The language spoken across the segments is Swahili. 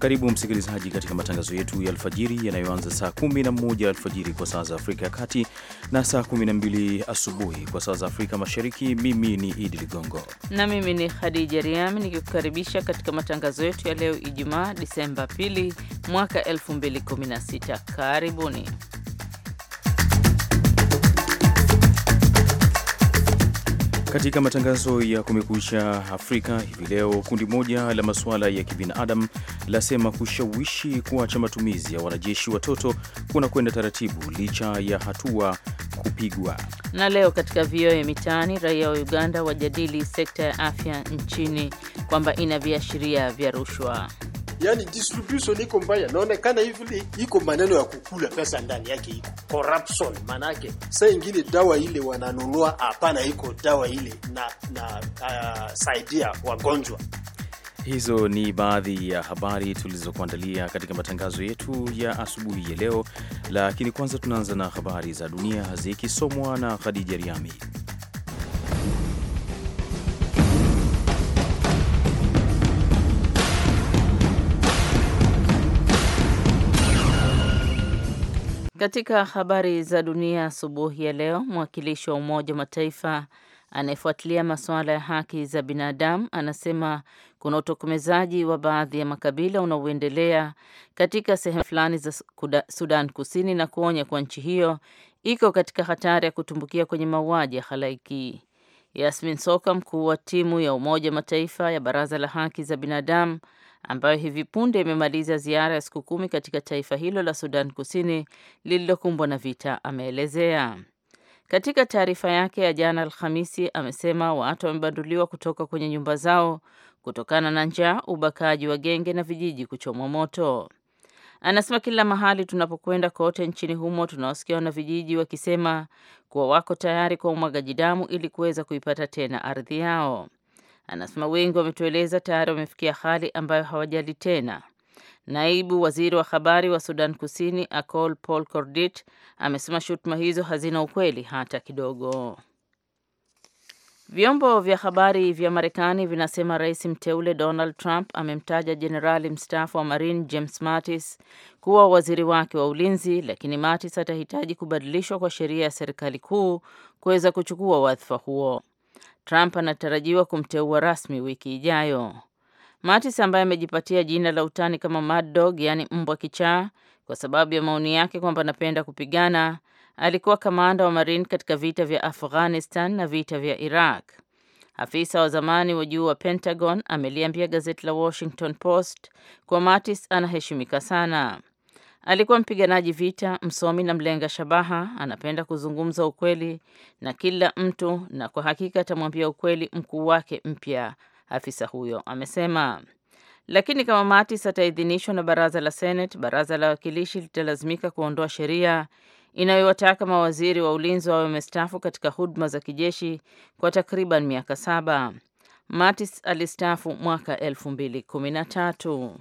Karibu msikilizaji katika matangazo yetu ya alfajiri yanayoanza saa 11 alfajiri kwa saa za Afrika ya Kati na saa 12 asubuhi kwa saa za Afrika Mashariki. Mimi ni Idi Ligongo na mimi ni Khadija Riami nikikukaribisha katika matangazo yetu ya leo Ijumaa, Disemba 2 mwaka 2016. Karibuni. Katika matangazo ya Kumekucha Afrika hivi leo, kundi moja la masuala ya kibinadamu lasema kushawishi kuacha matumizi ya wanajeshi watoto kuna kwenda taratibu licha ya hatua kupigwa. Na leo katika VOA Mitaani, raia wa Uganda wajadili sekta ya afya nchini kwamba ina viashiria vya rushwa yani distribution iko mbaya, naonekana hivi iko maneno ya kukula pesa ndani yake, iko corruption. Manake saa ingine dawa ile wananunua, hapana, iko dawa ile na na uh, saidia wagonjwa. Hizo ni baadhi ya habari tulizokuandalia katika matangazo yetu ya asubuhi ya leo, lakini kwanza tunaanza na habari za dunia zikisomwa na Khadija Riami. Katika habari za dunia asubuhi ya leo, mwakilishi wa Umoja wa Mataifa anayefuatilia masuala ya haki za binadamu anasema kuna utokomezaji wa baadhi ya makabila unaoendelea katika sehemu fulani za Sudan Kusini na kuonya kuwa nchi hiyo iko katika hatari ya kutumbukia kwenye mauaji ya halaiki. Yasmin Soka, mkuu wa timu ya Umoja wa Mataifa ya Baraza la Haki za Binadamu, ambayo hivi punde imemaliza ziara ya siku kumi katika taifa hilo la Sudan Kusini lililokumbwa na vita, ameelezea. Katika taarifa yake ya jana Alhamisi, amesema watu wamebanduliwa kutoka kwenye nyumba zao kutokana na njaa, ubakaji wa genge na vijiji kuchomwa moto. Anasema kila mahali tunapokwenda kote nchini humo tunawasikia vijiji wakisema kuwa wako tayari kwa umwagaji damu ili kuweza kuipata tena ardhi yao. Anasema wengi wametueleza tayari wamefikia hali ambayo hawajali tena. Naibu waziri wa habari wa Sudan Kusini Akol Paul cordit amesema shutuma hizo hazina ukweli hata kidogo. Vyombo vya habari vya Marekani vinasema rais mteule Donald Trump amemtaja jenerali mstaafu wa Marine James Mattis kuwa waziri wake wa ulinzi, lakini Mattis atahitaji kubadilishwa kwa sheria ya serikali kuu kuweza kuchukua wadhifa huo. Trump anatarajiwa kumteua rasmi wiki ijayo. Mattis ambaye amejipatia jina la utani kama Mad Dog, yaani mbwa kichaa, kwa sababu ya maoni yake kwamba anapenda kupigana, alikuwa kamanda wa Marine katika vita vya Afghanistan na vita vya Iraq. Afisa wa zamani wa juu wa Pentagon ameliambia gazeti la Washington Post kuwa Mattis anaheshimika sana. Alikuwa mpiganaji vita, msomi na mlenga shabaha. Anapenda kuzungumza ukweli na kila mtu, na kwa hakika atamwambia ukweli mkuu wake mpya, afisa huyo amesema. Lakini kama Mattis ataidhinishwa na baraza la Senate, baraza la wawakilishi litalazimika kuondoa sheria inayowataka mawaziri wa ulinzi wawe wamestaafu katika huduma za kijeshi kwa takriban miaka saba. Mattis alistaafu mwaka tatu.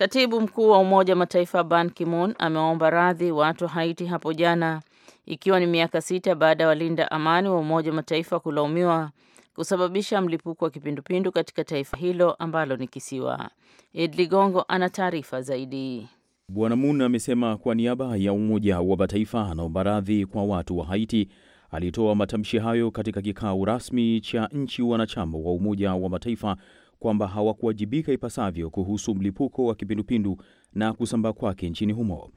Katibu mkuu wa Umoja wa Mataifa Ban Ki-moon amewaomba radhi watu wa Haiti hapo jana, ikiwa ni miaka sita baada ya walinda amani wa Umoja wa Mataifa kulaumiwa kusababisha mlipuko wa kipindupindu katika taifa hilo ambalo ni kisiwa. Ed Ligongo ana taarifa zaidi. Bwana Moon amesema kwa niaba ya Umoja wa Mataifa anaomba radhi kwa watu wa Haiti. Alitoa matamshi hayo katika kikao rasmi cha nchi wanachama wa Umoja wa Mataifa kwamba hawakuwajibika ipasavyo kuhusu mlipuko wa kipindupindu na kusambaa kwake nchini humo.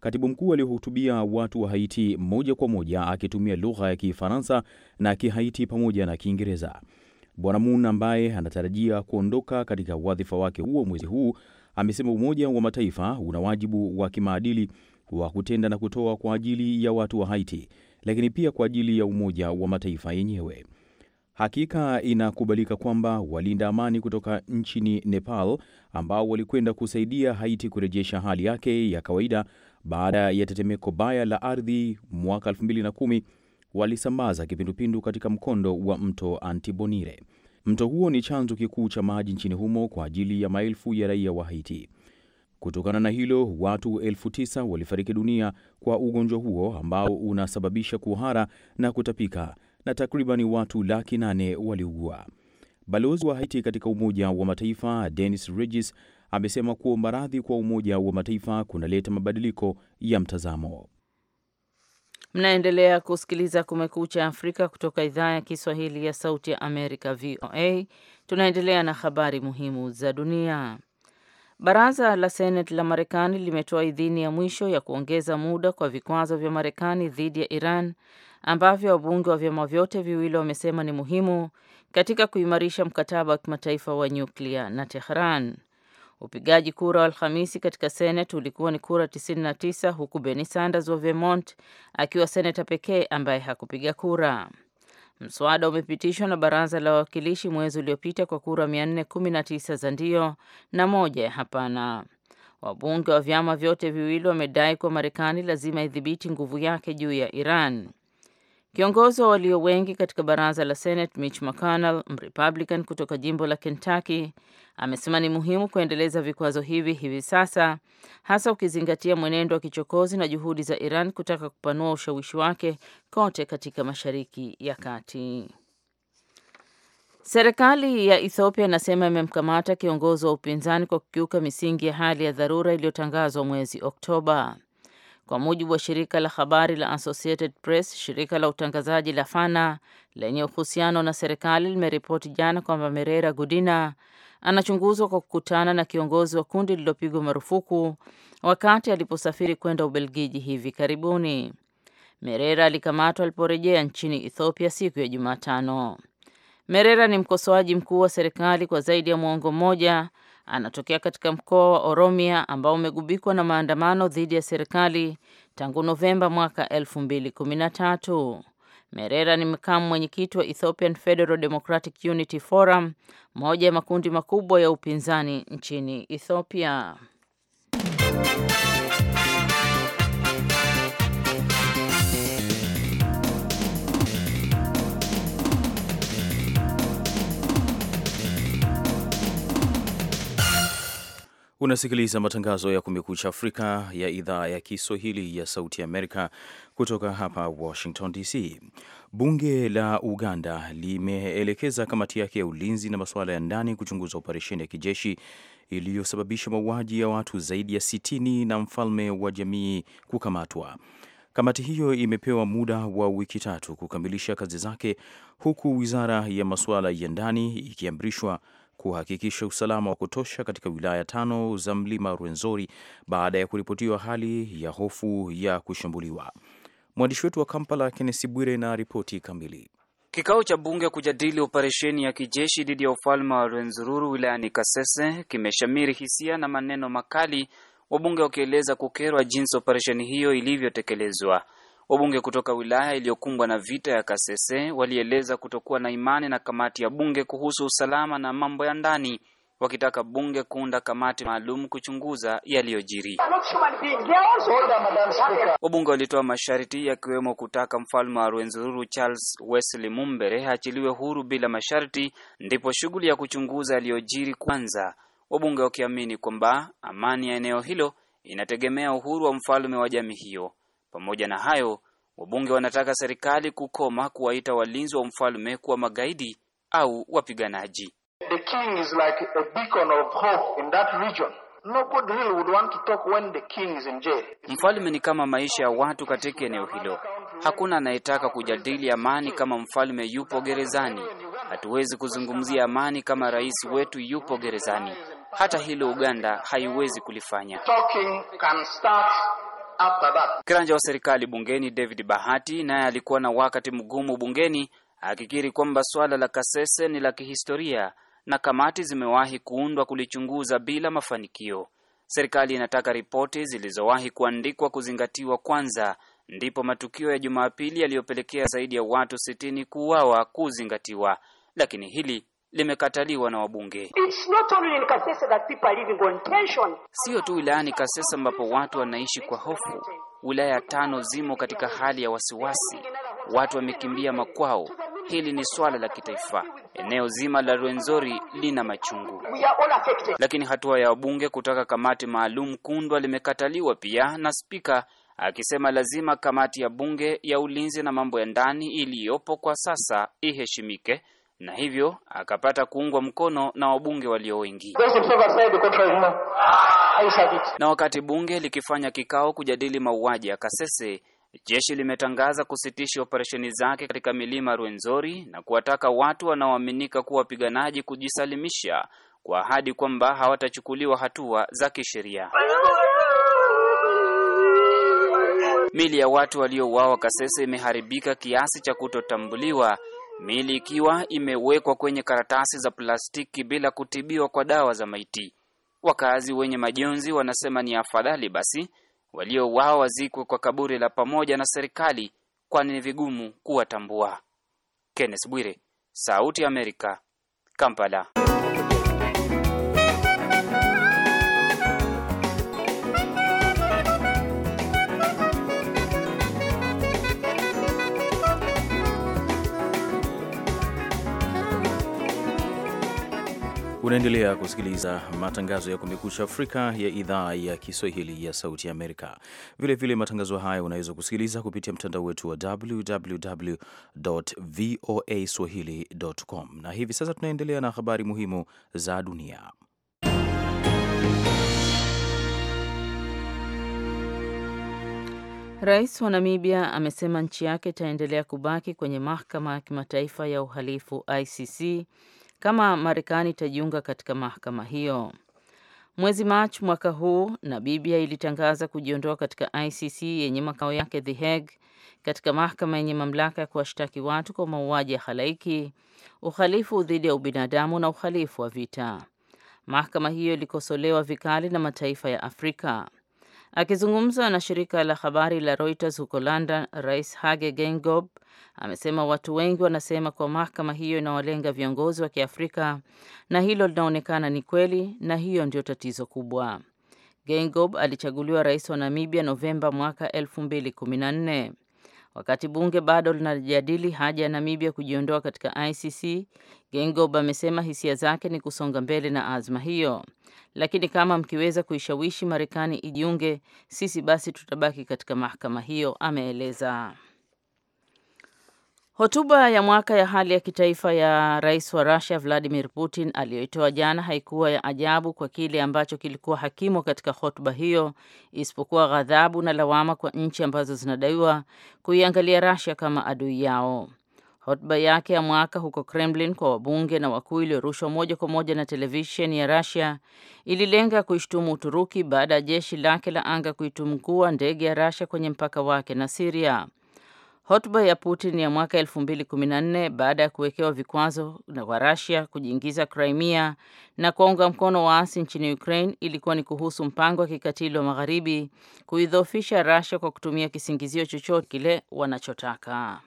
Katibu mkuu aliohutubia watu wa Haiti moja kwa moja akitumia lugha ya Kifaransa na Kihaiti pamoja na Kiingereza. Bwana Moon ambaye anatarajia kuondoka katika wadhifa wake huo mwezi huu amesema Umoja wa Mataifa una wajibu wa kimaadili wa kutenda na kutoa kwa ajili ya watu wa Haiti, lakini pia kwa ajili ya Umoja wa Mataifa yenyewe. Hakika inakubalika kwamba walinda amani kutoka nchini Nepal ambao walikwenda kusaidia Haiti kurejesha hali yake ya kawaida baada ya tetemeko baya la ardhi mwaka 2010 walisambaza kipindupindu katika mkondo wa mto Antibonire. Mto huo ni chanzo kikuu cha maji nchini humo kwa ajili ya maelfu ya raia wa Haiti. Kutokana na hilo, watu elfu tisa walifariki dunia kwa ugonjwa huo ambao unasababisha kuhara na kutapika na takribani watu laki nane waliugua. Balozi wa Haiti katika Umoja wa Mataifa Denis Regis amesema kuomba radhi kwa Umoja wa Mataifa kunaleta mabadiliko ya mtazamo. Mnaendelea kusikiliza Kumekucha Afrika kutoka idhaa ya Kiswahili ya Sauti ya Amerika, VOA. Tunaendelea na habari muhimu za dunia. Baraza la Seneti la Marekani limetoa idhini ya mwisho ya kuongeza muda kwa vikwazo vya Marekani dhidi ya Iran ambavyo wabunge wa vyama vyote viwili wamesema ni muhimu katika kuimarisha mkataba wa kimataifa wa nyuklia na Tehran. Upigaji kura wa Alhamisi katika Senate ulikuwa ni kura 99 huku Bernie Sanders wa Vermont akiwa seneta pekee ambaye hakupiga kura. Mswada umepitishwa na baraza la wawakilishi mwezi uliopita kwa kura 419 za ndio na moja ya hapana. Wabunge wa vyama vyote viwili wamedai kuwa Marekani lazima idhibiti nguvu yake juu ya Iran. Kiongozi wa walio wengi katika baraza la Senate Mitch McConnell, Mrepublican kutoka jimbo la Kentucky, amesema ni muhimu kuendeleza vikwazo hivi hivi sasa, hasa ukizingatia mwenendo wa kichokozi na juhudi za Iran kutaka kupanua ushawishi wake kote katika Mashariki ya Kati. Serikali ya Ethiopia inasema imemkamata kiongozi wa upinzani kwa kukiuka misingi ya hali ya dharura iliyotangazwa mwezi Oktoba. Kwa mujibu wa shirika la habari la Associated Press, shirika la utangazaji la Fana lenye uhusiano na serikali limeripoti jana kwamba Merera Gudina anachunguzwa kwa kukutana na kiongozi wa kundi lililopigwa marufuku wakati aliposafiri kwenda Ubelgiji hivi karibuni. Merera alikamatwa aliporejea nchini Ethiopia siku ya Jumatano. Merera ni mkosoaji mkuu wa serikali kwa zaidi ya mwongo mmoja anatokea katika mkoa wa Oromia ambao umegubikwa na maandamano dhidi ya serikali tangu Novemba mwaka 2013. Merera ni makamu mwenyekiti wa Ethiopian Federal Democratic Unity Forum, moja ya makundi makubwa ya upinzani nchini Ethiopia. Unasikiliza matangazo ya Kumekucha Afrika ya idhaa ya Kiswahili ya Sauti Amerika kutoka hapa Washington DC. Bunge la Uganda limeelekeza kamati yake ya ulinzi na masuala ya ndani kuchunguza operesheni ya kijeshi iliyosababisha mauaji ya watu zaidi ya 6 na mfalme wa jamii kukamatwa. Kamati hiyo imepewa muda wa wiki tatu kukamilisha kazi zake, huku wizara ya masuala ya ndani ikiamrishwa kuhakikisha usalama wa kutosha katika wilaya tano za mlima Rwenzori baada ya kuripotiwa hali ya hofu ya kushambuliwa. Mwandishi wetu wa Kampala Kennesi Bwire na ripoti kamili. Kikao cha bunge kujadili operesheni ya kijeshi dhidi ya ufalme wa Rwenzururu wilayani Kasese kimeshamiri hisia na maneno makali, wabunge wakieleza kukerwa jinsi operesheni hiyo ilivyotekelezwa. Wabunge kutoka wilaya iliyokumbwa na vita ya Kasese walieleza kutokuwa na imani na kamati ya bunge kuhusu usalama na mambo ya ndani, wakitaka bunge kuunda kamati maalum kuchunguza yaliyojiri. Wabunge walitoa masharti yakiwemo kutaka mfalme wa Rwenzururu Charles Wesley Mumbere aachiliwe huru bila masharti, ndipo shughuli ya kuchunguza yaliyojiri kwanza, wabunge wakiamini kwamba amani ya eneo hilo inategemea uhuru wa mfalme wa jamii hiyo. Pamoja na hayo, Wabunge wanataka serikali kukoma kuwaita walinzi wa mfalme kuwa magaidi au wapiganaji. The king is like a beacon of hope in that region. Mfalme ni kama maisha ya watu katika eneo hilo. Hakuna anayetaka kujadili amani kama mfalme yupo gerezani. Hatuwezi kuzungumzia amani kama rais wetu yupo gerezani. Hata hilo Uganda haiwezi kulifanya. Talking can start Kiranja wa serikali bungeni David Bahati naye alikuwa na wakati mgumu bungeni akikiri kwamba swala la Kasese ni la kihistoria na kamati zimewahi kuundwa kulichunguza bila mafanikio. Serikali inataka ripoti zilizowahi kuandikwa kuzingatiwa kwanza, ndipo matukio ya Jumapili yaliyopelekea zaidi ya watu sitini kuuawa kuzingatiwa, lakini hili limekataliwa na wabunge. Sio tu wilayani Kasese ambapo watu wanaishi kwa hofu, wilaya tano zimo katika hali ya wasiwasi, watu wamekimbia makwao. Hili ni swala la kitaifa. Eneo zima la Rwenzori lina machungu, lakini hatua ya wabunge kutaka kamati maalum kundwa limekataliwa pia na spika akisema lazima kamati ya bunge ya ulinzi na mambo ya ndani iliyopo kwa sasa iheshimike na hivyo akapata kuungwa mkono na wabunge walio wengi. Na wakati bunge likifanya kikao kujadili mauaji ya Kasese, jeshi limetangaza kusitisha operesheni zake katika milima Rwenzori na kuwataka watu wanaoaminika kuwa wapiganaji kujisalimisha kwa ahadi kwamba hawatachukuliwa hatua za kisheria. Mili ya watu waliouawa Kasese imeharibika kiasi cha kutotambuliwa miili ikiwa imewekwa kwenye karatasi za plastiki bila kutibiwa kwa dawa za maiti. Wakazi wenye majonzi wanasema ni afadhali basi waliouawa wazikwe kwa kaburi la pamoja na serikali, kwani ni vigumu kuwatambua. Kenneth Bwire, Sauti ya Amerika, Kampala. Unaendelea kusikiliza matangazo ya Kumekucha Afrika ya idhaa ya Kiswahili ya Sauti ya Amerika. Vilevile, matangazo haya unaweza kusikiliza kupitia mtandao wetu wa www voa swahili.com, na hivi sasa tunaendelea na habari muhimu za dunia. Rais wa Namibia amesema nchi yake itaendelea kubaki kwenye mahakama ya kimataifa ya uhalifu ICC kama Marekani itajiunga katika mahakama hiyo. Mwezi Machi mwaka huu, Namibia ilitangaza kujiondoa katika ICC yenye makao yake The Hague, katika mahakama yenye mamlaka ya kuwashtaki watu kwa mauaji ya halaiki, uhalifu dhidi ya ubinadamu na uhalifu wa vita. Mahakama hiyo ilikosolewa vikali na mataifa ya Afrika. Akizungumza na shirika la habari la Reuters huko London, Rais Hage Geingob amesema watu wengi wanasema kuwa mahakama hiyo inawalenga viongozi wa Kiafrika na hilo linaonekana ni kweli na hiyo ndio tatizo kubwa. Geingob alichaguliwa rais wa Namibia Novemba mwaka 2014. Wakati bunge bado linajadili haja ya Namibia kujiondoa katika ICC, Gengob amesema hisia zake ni kusonga mbele na azma hiyo, lakini kama mkiweza kuishawishi Marekani ijiunge, sisi basi tutabaki katika mahakama hiyo, ameeleza. Hotuba ya mwaka ya hali ya kitaifa ya rais wa Rusia Vladimir Putin aliyoitoa jana haikuwa ya ajabu kwa kile ambacho kilikuwa hakimo katika hotuba hiyo, isipokuwa ghadhabu na lawama kwa nchi ambazo zinadaiwa kuiangalia rasia kama adui yao. Hotuba yake ya mwaka huko Kremlin kwa wabunge na wakuu iliyorushwa moja kwa moja na televisheni ya rasia ililenga kuishtumu Uturuki baada ya jeshi lake la anga kuitumkua ndege ya Russia kwenye mpaka wake na siria Hotuba ya Putin ya mwaka 2014 baada ya kuwekewa vikwazo kwa Russia kujiingiza Crimea na kuwaunga mkono waasi nchini Ukraine ilikuwa ni kuhusu mpango wa kikatili wa magharibi kuidhoofisha Russia kwa kutumia kisingizio chochote kile wanachotaka.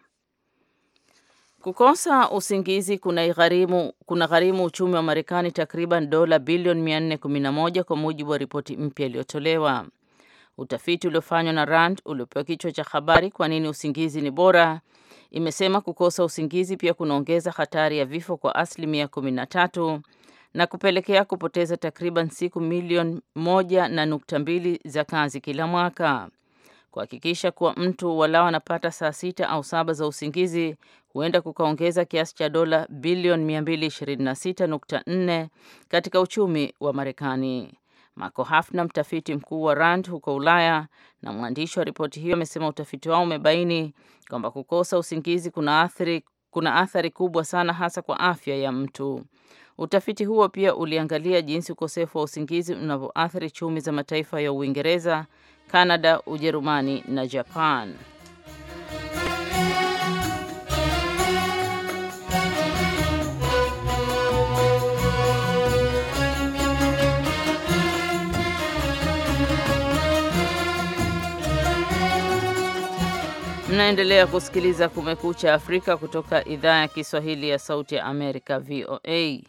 Kukosa usingizi kuna gharimu, kuna gharimu uchumi wa Marekani takriban dola bilioni 411 kwa mujibu wa ripoti mpya iliyotolewa. Utafiti uliofanywa na Rand uliopewa kichwa cha habari kwa nini usingizi ni bora, imesema kukosa usingizi pia kunaongeza hatari ya vifo kwa asilimia tatu na kupelekea kupoteza takriban siku milioni moja na nukta mbili za kazi kila mwaka. Kuhakikisha kuwa mtu walao anapata saa sita au saba za usingizi huenda kukaongeza kiasi cha dola bilioni 226.4 katika uchumi wa Marekani. Marco Hafner, mtafiti mkuu wa RAND huko Ulaya na mwandishi wa ripoti hiyo, amesema utafiti wao umebaini kwamba kukosa usingizi kuna athari, kuna athari kubwa sana hasa kwa afya ya mtu. Utafiti huo pia uliangalia jinsi ukosefu wa usingizi unavyoathiri chumi za mataifa ya Uingereza, Kanada, Ujerumani na Japan. Mnaendelea kusikiliza Kumekucha Afrika kutoka idhaa ya Kiswahili ya Sauti ya Amerika, VOA.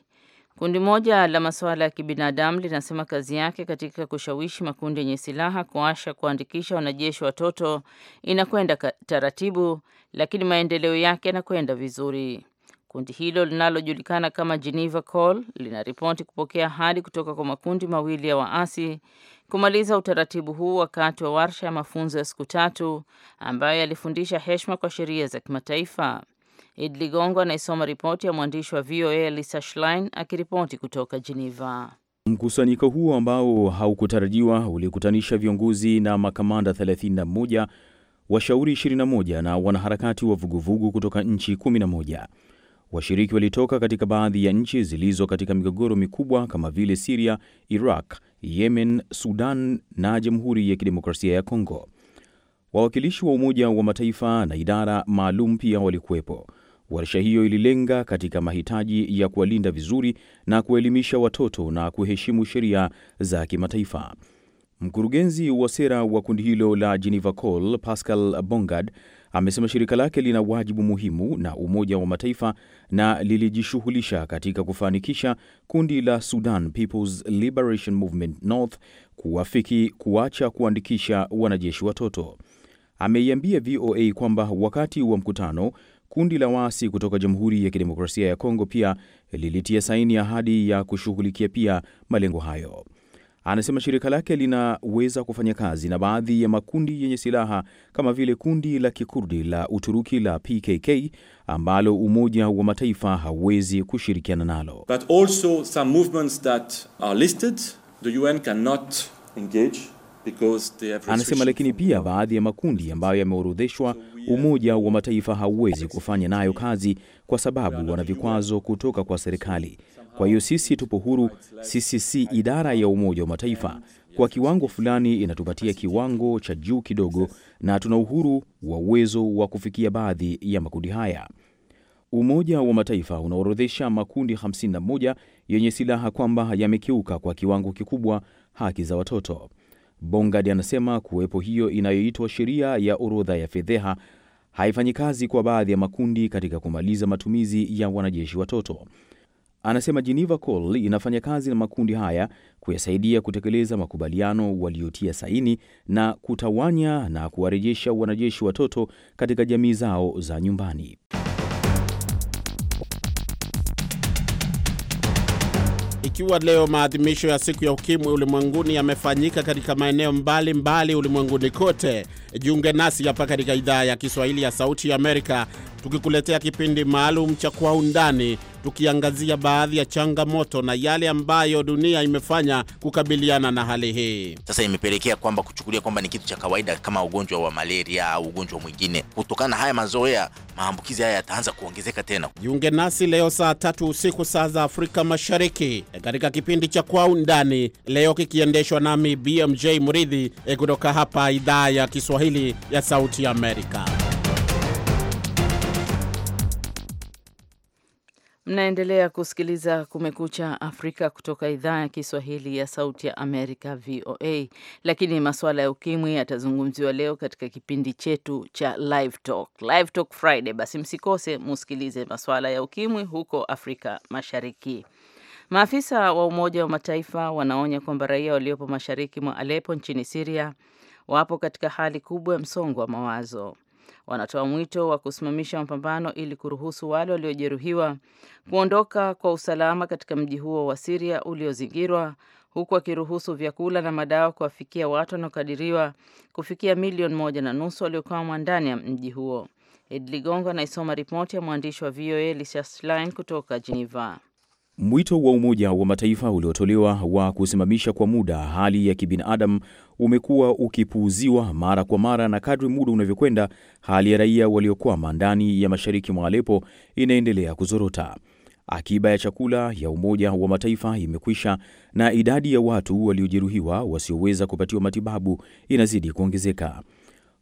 Kundi moja la masuala ya kibinadamu linasema kazi yake katika kushawishi makundi yenye silaha kuasha kuandikisha wanajeshi watoto inakwenda taratibu, lakini maendeleo yake yanakwenda vizuri. Kundi hilo linalojulikana kama Geneva Call linaripoti kupokea hadi kutoka kwa makundi mawili ya waasi kumaliza utaratibu huu wakati wa warsha ya mafunzo ya siku tatu ambayo yalifundisha heshima kwa sheria za kimataifa. Id Ligongo anaisoma ripoti ya mwandishi wa VOA Lisa Schlein akiripoti kutoka Geneva. Mkusanyiko huo ambao haukutarajiwa ulikutanisha viongozi na makamanda 31, washauri 21 na wanaharakati wa vuguvugu kutoka nchi 11. Washiriki walitoka katika baadhi ya nchi zilizo katika migogoro mikubwa kama vile Siria, Iraq, Yemen, Sudan na Jamhuri ya Kidemokrasia ya Kongo. Wawakilishi wa Umoja wa Mataifa na idara maalum pia walikuwepo. Warsha hiyo ililenga katika mahitaji ya kuwalinda vizuri na kuwaelimisha watoto na kuheshimu sheria za kimataifa. Mkurugenzi wa sera wa kundi hilo la Geneva Call, Pascal Bongard, amesema shirika lake lina wajibu muhimu na Umoja wa Mataifa na lilijishughulisha katika kufanikisha kundi la Sudan People's Liberation Movement North kuwafiki kuacha kuandikisha wanajeshi watoto. Ameiambia VOA kwamba wakati wa mkutano kundi la waasi kutoka Jamhuri ya Kidemokrasia ya Kongo pia lilitia saini ahadi ya kushughulikia pia malengo hayo. Anasema shirika lake linaweza kufanya kazi na baadhi ya makundi yenye silaha kama vile kundi la kikurdi la Uturuki la PKK ambalo Umoja wa Mataifa hauwezi kushirikiana nalo. But also some movements that are listed the UN cannot engage because they have. Anasema lakini pia baadhi ya makundi ambayo yameorodheshwa Umoja wa Mataifa hauwezi kufanya nayo kazi kwa sababu wana vikwazo kutoka kwa serikali. Kwa hiyo sisi tupo huru, sisi si idara ya Umoja wa Mataifa. Kwa kiwango fulani inatupatia kiwango cha juu kidogo, na tuna uhuru wa uwezo wa kufikia baadhi ya makundi haya. Umoja wa Mataifa unaorodhesha makundi 51 yenye silaha kwamba yamekiuka kwa kiwango kikubwa haki za watoto. Bongard anasema kuwepo hiyo inayoitwa sheria ya orodha ya fedheha haifanyi kazi kwa baadhi ya makundi katika kumaliza matumizi ya wanajeshi watoto. Anasema Geneva Call inafanya kazi na makundi haya kuyasaidia kutekeleza makubaliano waliotia saini na kutawanya na kuwarejesha wanajeshi watoto katika jamii zao za nyumbani. Ikiwa leo maadhimisho ya siku ya ukimwi ulimwenguni yamefanyika katika maeneo mbalimbali ulimwenguni kote, jiunge nasi hapa katika idhaa ya Kiswahili ya Sauti ya Amerika, tukikuletea kipindi maalum cha Kwa Undani tukiangazia baadhi ya changamoto na yale ambayo dunia imefanya kukabiliana na hali hii. Sasa imepelekea kwamba kuchukulia kwamba ni kitu cha kawaida kama ugonjwa wa malaria au ugonjwa mwingine. Kutokana na haya mazoea, maambukizi haya yataanza kuongezeka tena. Jiunge nasi leo saa tatu usiku saa za Afrika Mashariki katika kipindi cha Kwa Undani, leo kikiendeshwa nami BMJ Muridhi eh, kutoka hapa idhaa ya Kiswahili ya Sauti Amerika. Mnaendelea kusikiliza Kumekucha Afrika kutoka idhaa ya Kiswahili ya Sauti ya Amerika, VOA. Lakini masuala ya ukimwi yatazungumziwa leo katika kipindi chetu cha Live Talk, Live Talk Friday. Basi msikose musikilize masuala ya ukimwi huko Afrika Mashariki. Maafisa wa Umoja wa Mataifa wanaonya kwamba raia waliopo mashariki mwa Alepo nchini Siria wapo katika hali kubwa ya msongo wa mawazo wanatoa mwito wa kusimamisha mapambano ili kuruhusu wale waliojeruhiwa kuondoka kwa usalama katika mji huo wa Siria uliozingirwa huku wakiruhusu vyakula na madawa kuwafikia watu wanaokadiriwa kufikia milioni moja na nusu waliokwama ndani ya mji huo. Ed Ligongo anaisoma ripoti ya mwandishi wa VOA Lisa Schlein kutoka Geneva. Mwito wa Umoja wa Mataifa uliotolewa wa kusimamisha kwa muda hali ya kibinadamu umekuwa ukipuuziwa mara kwa mara, na kadri muda unavyokwenda, hali ya raia waliokwama ndani ya mashariki mwa Alepo inaendelea kuzorota. Akiba ya chakula ya Umoja wa Mataifa imekwisha na idadi ya watu waliojeruhiwa wasioweza kupatiwa matibabu inazidi kuongezeka.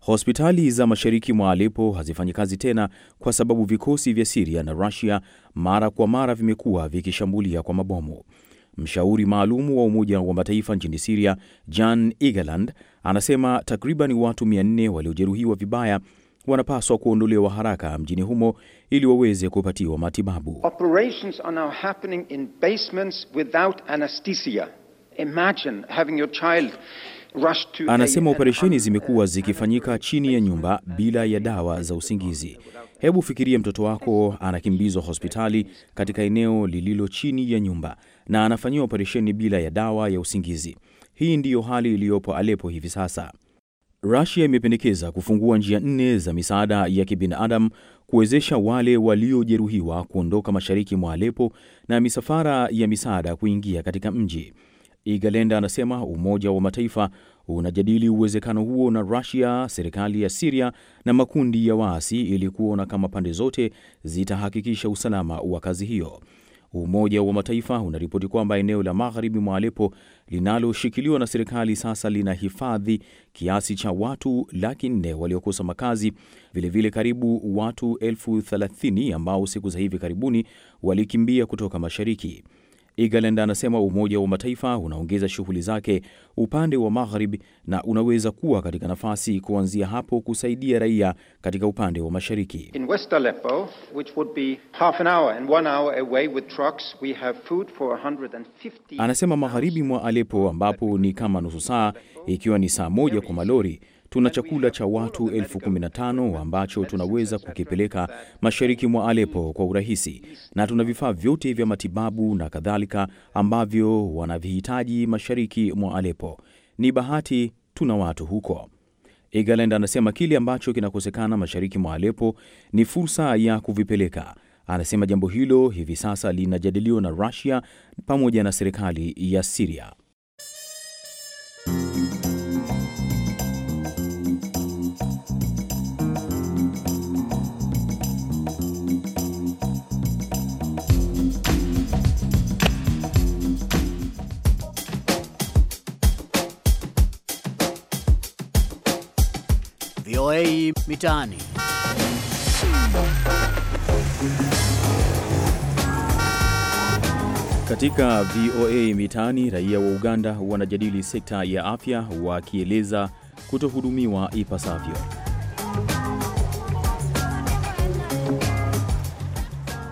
Hospitali za mashariki mwa Alepo hazifanyi kazi tena kwa sababu vikosi vya Siria na Rusia mara kwa mara vimekuwa vikishambulia kwa mabomu. Mshauri maalum wa Umoja wa Mataifa nchini Siria, Jan Egeland, anasema takriban watu 400 waliojeruhiwa vibaya wanapaswa kuondolewa haraka mjini humo ili waweze kupatiwa matibabu. Operations are now happening in basements without anesthesia. Anasema operesheni zimekuwa zikifanyika chini ya nyumba bila ya dawa za usingizi. Hebu fikiria mtoto wako anakimbizwa hospitali katika eneo lililo chini ya nyumba na anafanyiwa operesheni bila ya dawa ya usingizi. Hii ndiyo hali iliyopo Aleppo hivi sasa. Russia imependekeza kufungua njia nne za misaada ya kibinadamu kuwezesha wale waliojeruhiwa kuondoka mashariki mwa Aleppo na misafara ya misaada kuingia katika mji. Igalenda anasema Umoja wa Mataifa unajadili uwezekano huo na rasia serikali ya siria na makundi ya waasi ili kuona kama pande zote zitahakikisha usalama wa kazi hiyo. Umoja wa Mataifa unaripoti kwamba eneo la magharibi mwa Alepo linaloshikiliwa na serikali sasa lina hifadhi kiasi cha watu laki nne waliokosa makazi, vilevile vile karibu watu elfu thelathini ambao siku za hivi karibuni walikimbia kutoka mashariki. Egeland anasema Umoja wa Mataifa unaongeza shughuli zake upande wa magharibi na unaweza kuwa katika nafasi kuanzia hapo kusaidia raia katika upande wa mashariki. In West Aleppo, which would be half an hour and one hour away with trucks, we have food for 150... Anasema magharibi mwa Aleppo ambapo ni kama nusu saa ikiwa ni saa moja kwa malori tuna chakula cha watu elfu kumi na tano ambacho tunaweza kukipeleka mashariki mwa Alepo kwa urahisi, na tuna vifaa vyote vya matibabu na kadhalika ambavyo wanavihitaji mashariki mwa Alepo. Ni bahati tuna watu huko. Egaland anasema kile ambacho kinakosekana mashariki mwa Alepo ni fursa ya kuvipeleka. Anasema jambo hilo hivi sasa linajadiliwa na Russia pamoja na serikali ya Syria. mitaani. Katika VOA Mitaani, raia wa Uganda wanajadili sekta ya afya wakieleza kutohudumiwa ipasavyo.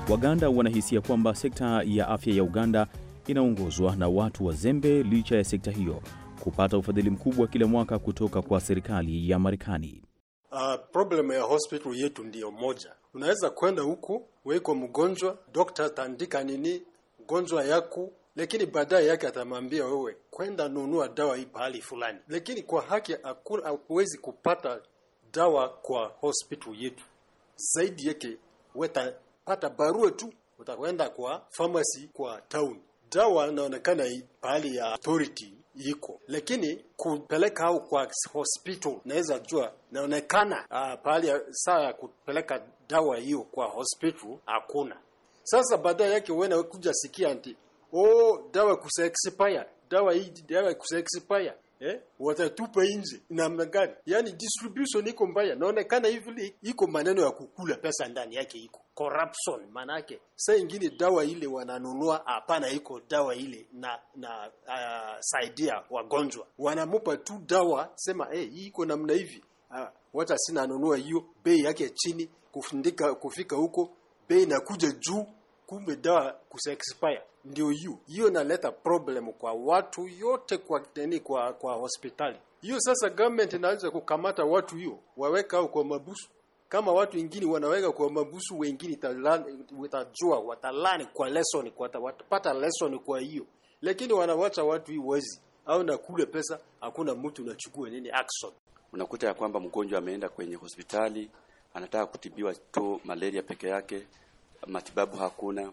Waganda wanahisia kwamba sekta ya afya ya Uganda inaongozwa na watu wazembe licha ya sekta hiyo kupata ufadhili mkubwa kila mwaka kutoka kwa serikali ya Marekani. Uh, problem ya hospital yetu ndiyo moja. Unaweza kwenda huku weiko mgonjwa, dokta ataandika nini gonjwa yaku, lakini baadaye yake atamwambia wewe kwenda nunua dawa hii pahali fulani, lakini kwa haki hakuwezi kupata dawa kwa hospital yetu. Zaidi yake wetapata barua tu, utakwenda kwa pharmacy kwa town, dawa inaonekana pahali ya authority iko, lakini kupeleka au kwa hospital naweza jua naonekana ah, pahali saa ya kupeleka dawa hiyo kwa hospital hakuna. Sasa baada yake wewe kuja sikia anti, oh, dawa kusexpire dawa hii dawa kusexpire eh, watatupa nje namna gani? Yani distribution iko mbaya, naonekana hivi iko maneno ya kukula pesa ndani yake, iko corruption manake. Saa ingine dawa ile wananunua hapana, iko dawa ile na na uh, saidia wagonjwa, wanamupa tu dawa sema hey, eh, hii iko namna hivi uh, wata sina hiyo, bei yake chini, kufundika kufika huko bei nakuja juu, kumbe dawa kusa expire ndio hiyo hiyo inaleta problem kwa watu yote, kwa nini? Kwa, kwa hospitali hiyo. Sasa government inaweza kukamata watu hiyo waweka kwa mabusu kama watu wengine wanaweka kwa mabusu, wengine watajua, watalani kwa lesson, watapata lesson kwa hiyo, lakini wanawacha watu hii wezi au na kule pesa, hakuna mtu unachukua nini action. Unakuta ya kwamba mgonjwa ameenda kwenye hospitali anataka kutibiwa tu malaria peke yake, matibabu hakuna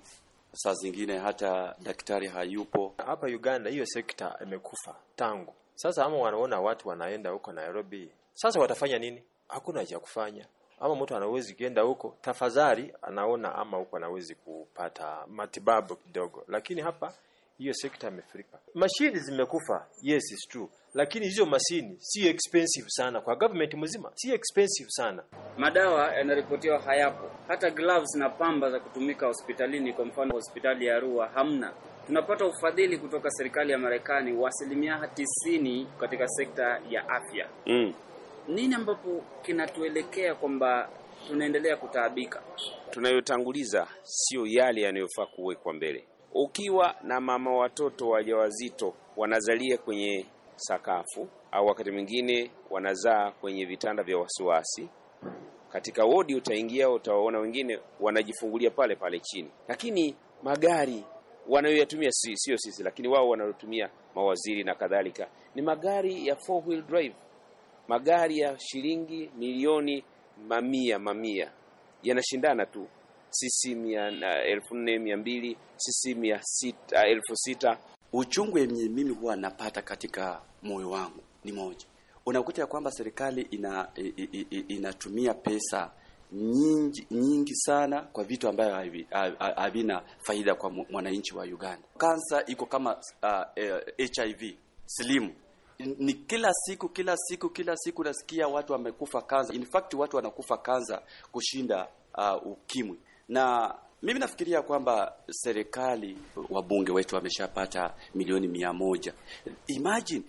saa zingine hata daktari hayupo. Hapa Uganda hiyo sekta imekufa tangu sasa, ama wanaona watu wanaenda huko Nairobi, sasa watafanya nini? Hakuna cha kufanya ama mtu anawezi kuenda huko, tafadhali anaona ama huko anawezi kupata matibabu kidogo, lakini hapa hiyo sekta imefurika. Mashini zimekufa, yes is true, lakini hizo mashini si expensive sana kwa government mzima, si expensive sana. Madawa yanaripotiwa hayapo, hata gloves na pamba za kutumika hospitalini. Kwa mfano hospitali ya Arua hamna. Tunapata ufadhili kutoka serikali ya Marekani wa asilimia tisini katika sekta ya afya mm. Nini ambapo kinatuelekea kwamba tunaendelea kutaabika? Tunayotanguliza sio yale yanayofaa kuwekwa mbele. Ukiwa na mama watoto wajawazito wanazalia kwenye sakafu au wakati mwingine wanazaa kwenye vitanda vya wasiwasi. Katika wodi utaingia, utawaona wengine wanajifungulia pale pale chini, lakini magari wanayoyatumia si sio sisi, lakini wao wanayotumia mawaziri na kadhalika ni magari ya four wheel drive, magari ya shilingi milioni mamia mamia, yanashindana tu, sisi elfu nne mia mbili, sisi elfu sita Uchungu yenye mimi huwa napata katika moyo wangu ni moja, unakuta ya kwamba serikali ina, inatumia pesa nyingi, nyingi sana kwa vitu ambayo havina faida kwa mwananchi wa Uganda. Kansa iko kama uh, e, HIV slimu ni kila siku kila siku kila siku nasikia watu wamekufa kansa. In fact watu wanakufa kansa kushinda uh, ukimwi na mimi nafikiria kwamba serikali, wabunge wetu wameshapata milioni mia moja. Imagine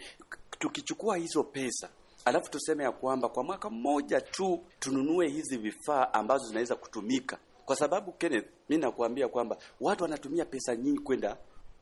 tukichukua hizo pesa alafu tuseme ya kwamba kwa mwaka mmoja tu tununue hizi vifaa ambazo zinaweza kutumika, kwa sababu Kenneth, mi nakuambia kwamba watu wanatumia pesa nyingi kwenda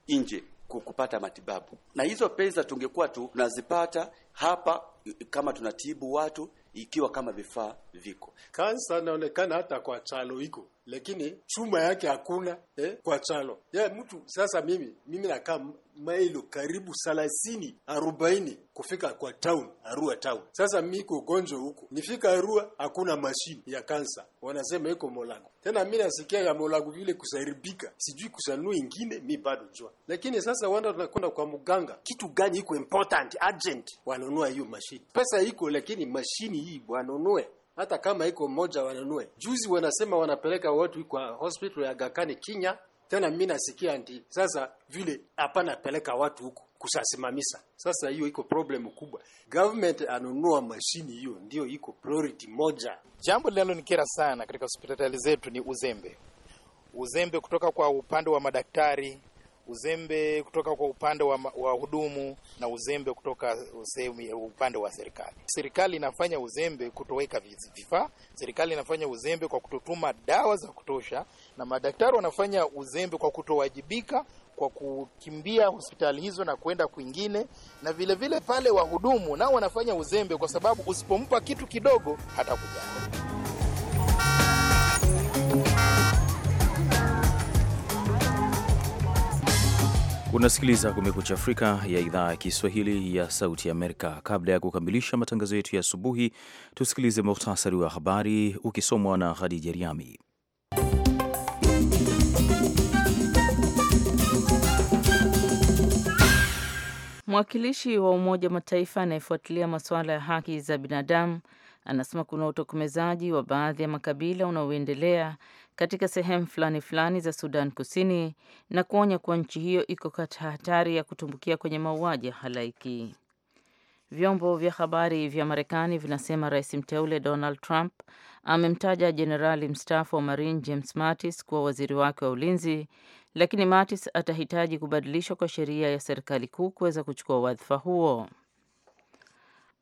nje kupata matibabu, na hizo pesa tungekuwa tu tunazipata hapa kama tunatibu watu, ikiwa kama vifaa viko. Kansa naonekana hata kwa chalo iko, lakini chuma yake hakuna eh, kwa chalo ya mtu. Sasa mimi mimi nakaa mailo karibu thelathini arobaini kufika kwa town Arua town. Sasa mimi iko ugonjwa huko, nifika Arua hakuna mashini ya kansa, wanasema iko Molango. Tena mimi nasikia ya Molango vile kusaribika, sijui kusanua ingine mi bado jua, lakini sasa wanda tunakwenda kwa mganga, kitu gani iko important urgent, wanunua hiyo mashini. Pesa iko lakini mashini hii wanunue hata kama iko mmoja wanunue. Juzi wanasema wanapeleka watu kwa hospital ya Gakani Kinya, tena mimi nasikia ndi sasa vile hapana peleka watu huko kusasimamisa. Sasa hiyo iko problem kubwa, government anunua mashini, hiyo ndio iko priority moja. Jambo linalonikera sana katika hospitali zetu ni uzembe, uzembe kutoka kwa upande wa madaktari uzembe kutoka kwa upande wa hudumu na uzembe kutoka sehemu ya upande wa serikali. Serikali inafanya uzembe kutoweka vifaa, serikali inafanya uzembe kwa kutotuma dawa za kutosha, na madaktari wanafanya uzembe kwa kutowajibika kwa kukimbia hospitali hizo na kwenda kwingine, na vile vile pale wahudumu nao wanafanya uzembe, kwa sababu usipompa kitu kidogo hatakuja. Unasikiliza Kumekucha Afrika ya idhaa ya Kiswahili ya Sauti Amerika. Kabla ya kukamilisha matangazo yetu ya asubuhi, tusikilize muhtasari wa habari ukisomwa na Khadija Riami. Mwakilishi wa Umoja Mataifa anayefuatilia masuala ya haki za binadamu anasema kuna utokomezaji wa baadhi ya makabila unaoendelea katika sehemu fulani fulani za Sudan Kusini na kuonya kuwa nchi hiyo iko katika hatari ya kutumbukia kwenye mauaji ya halaiki. Vyombo vya habari vya Marekani vinasema rais mteule Donald Trump amemtaja jenerali mstaafu wa Marine James Mattis kuwa waziri wake wa ulinzi, lakini Mattis atahitaji kubadilishwa kwa sheria ya serikali kuu kuweza kuchukua wadhifa huo.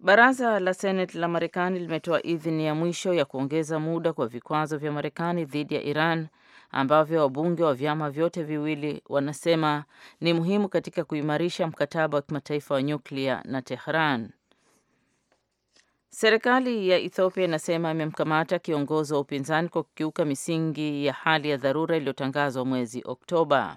Baraza la Seneti la Marekani limetoa idhini ya mwisho ya kuongeza muda kwa vikwazo vya Marekani dhidi ya Iran ambavyo wabunge wa vyama vyote viwili wanasema ni muhimu katika kuimarisha mkataba wa kimataifa wa nyuklia na Tehran. Serikali ya Ethiopia inasema imemkamata kiongozi wa upinzani kwa kukiuka misingi ya hali ya dharura iliyotangazwa mwezi Oktoba.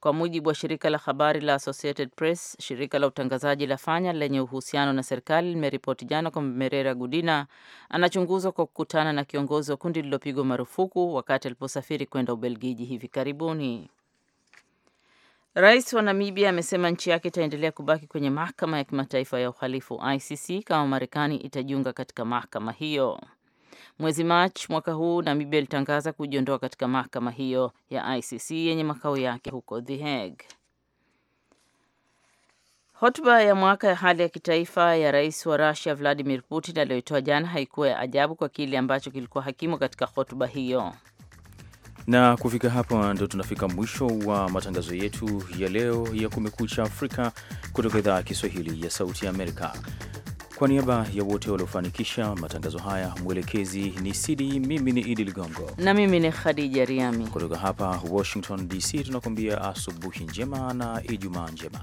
Kwa mujibu wa shirika la habari la Associated Press, shirika la utangazaji la Fanya lenye uhusiano na serikali limeripoti jana kwamba Merera Gudina anachunguzwa kwa kukutana na kiongozi wa kundi lililopigwa marufuku wakati aliposafiri kwenda Ubelgiji hivi karibuni. Rais wa Namibia amesema nchi yake itaendelea kubaki kwenye mahakama ya kimataifa ya uhalifu ICC kama Marekani itajiunga katika mahakama hiyo. Mwezi Machi mwaka huu Namibia ilitangaza kujiondoa katika mahakama hiyo ya ICC yenye makao yake huko The Hague. Hotuba ya mwaka ya hali ya kitaifa ya rais wa Russia Vladimir Putin aliyoitoa jana haikuwa ya ajabu kwa kile ambacho kilikuwa hakimo katika hotuba hiyo. Na kufika hapa ndo tunafika mwisho wa matangazo yetu ya leo ya Kumekucha Afrika kutoka idhaa ya Kiswahili ya Sauti ya Amerika. Kwa niaba ya wote waliofanikisha matangazo haya, mwelekezi ni Sidi, mimi ni Idi Ligongo na mimi ni Khadija Riami kutoka hapa Washington DC, tunakuambia asubuhi njema na Ijumaa njema.